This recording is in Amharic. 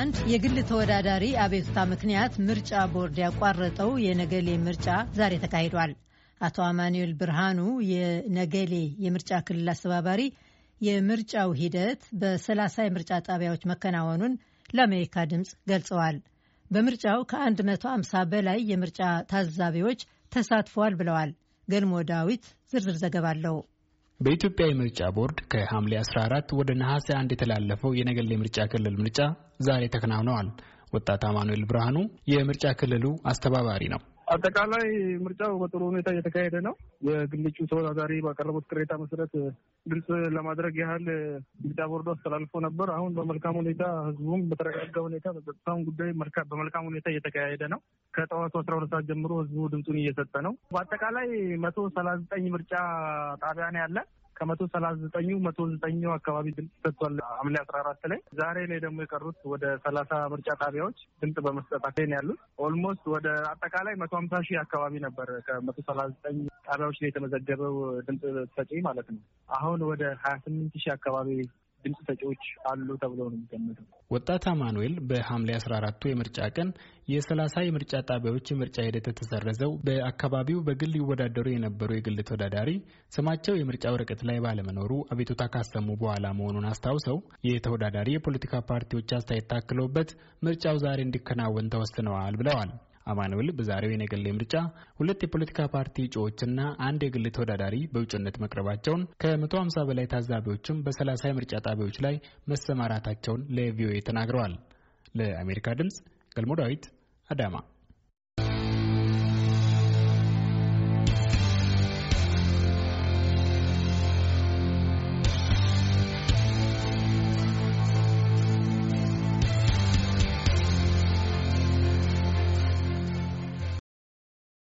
አንድ የግል ተወዳዳሪ አቤቱታ ምክንያት ምርጫ ቦርድ ያቋረጠው የነገሌ ምርጫ ዛሬ ተካሂዷል። አቶ አማኑኤል ብርሃኑ የነገሌ የምርጫ ክልል አስተባባሪ የምርጫው ሂደት በሰላሳ የምርጫ ጣቢያዎች መከናወኑን ለአሜሪካ ድምፅ ገልጸዋል። በምርጫው ከ150 በላይ የምርጫ ታዛቢዎች ተሳትፈዋል ብለዋል። ገልሞ ዳዊት ዝርዝር ዘገባ አለው። በኢትዮጵያ የምርጫ ቦርድ ከሐምሌ 14 ወደ ነሐሴ 1 የተላለፈው የነገሌ ምርጫ ክልል ምርጫ ዛሬ ተከናውነዋል። ወጣት አማኑኤል ብርሃኑ የምርጫ ክልሉ አስተባባሪ ነው። አጠቃላይ ምርጫው በጥሩ ሁኔታ እየተካሄደ ነው። የግል ተወዳዳሪ ባቀረቡት ቅሬታ መሰረት ግልጽ ለማድረግ ያህል ምርጫ ቦርዶ አስተላልፎ ነበር። አሁን በመልካም ሁኔታ ህዝቡም በተረጋጋ ሁኔታ በጸጥታውን ጉዳይ በመልካም ሁኔታ እየተካሄደ ነው። ከጠዋቱ አስራ ሁለት ሰዓት ጀምሮ ህዝቡ ድምፁን እየሰጠ ነው። በአጠቃላይ መቶ ሰላሳ ዘጠኝ ምርጫ ጣቢያ ነው ከመቶ ሰላሳ ዘጠኙ መቶ ዘጠኙ አካባቢ ድምጽ ሰጥቷል ሐምሌ አስራ አራት ላይ። ዛሬ ላይ ደግሞ የቀሩት ወደ ሰላሳ ምርጫ ጣቢያዎች ድምጽ በመስጠት አካሄን ያሉት ኦልሞስት ወደ አጠቃላይ መቶ ሀምሳ ሺህ አካባቢ ነበር ከመቶ ሰላሳ ዘጠኝ ጣቢያዎች ላይ የተመዘገበው ድምጽ ሰጪ ማለት ነው። አሁን ወደ ሀያ ስምንት ሺህ አካባቢ ድምፅ ሰጪዎች አሉ ተብሎ ነው የሚገመተው። ወጣት አማኑኤል በሐምሌ 14 የምርጫ ቀን የሰላሳ የምርጫ ጣቢያዎች የምርጫ ሂደት የተሰረዘው በአካባቢው በግል ሊወዳደሩ የነበሩ የግል ተወዳዳሪ ስማቸው የምርጫ ወረቀት ላይ ባለመኖሩ አቤቱታ ካሰሙ በኋላ መሆኑን አስታውሰው የተወዳዳሪ የፖለቲካ ፓርቲዎች አስተያየት ታክለውበት ምርጫው ዛሬ እንዲከናወን ተወስነዋል ብለዋል። አማኑኤል በዛሬው የነገሌ ምርጫ ሁለት የፖለቲካ ፓርቲ እጩዎችና አንድ የግል ተወዳዳሪ በውጭነት መቅረባቸውን ከ150 በላይ ታዛቢዎችም በ30 የምርጫ ጣቢያዎች ላይ መሰማራታቸውን ለቪኦኤ ተናግረዋል። ለአሜሪካ ድምፅ ገልሞዳዊት አዳማ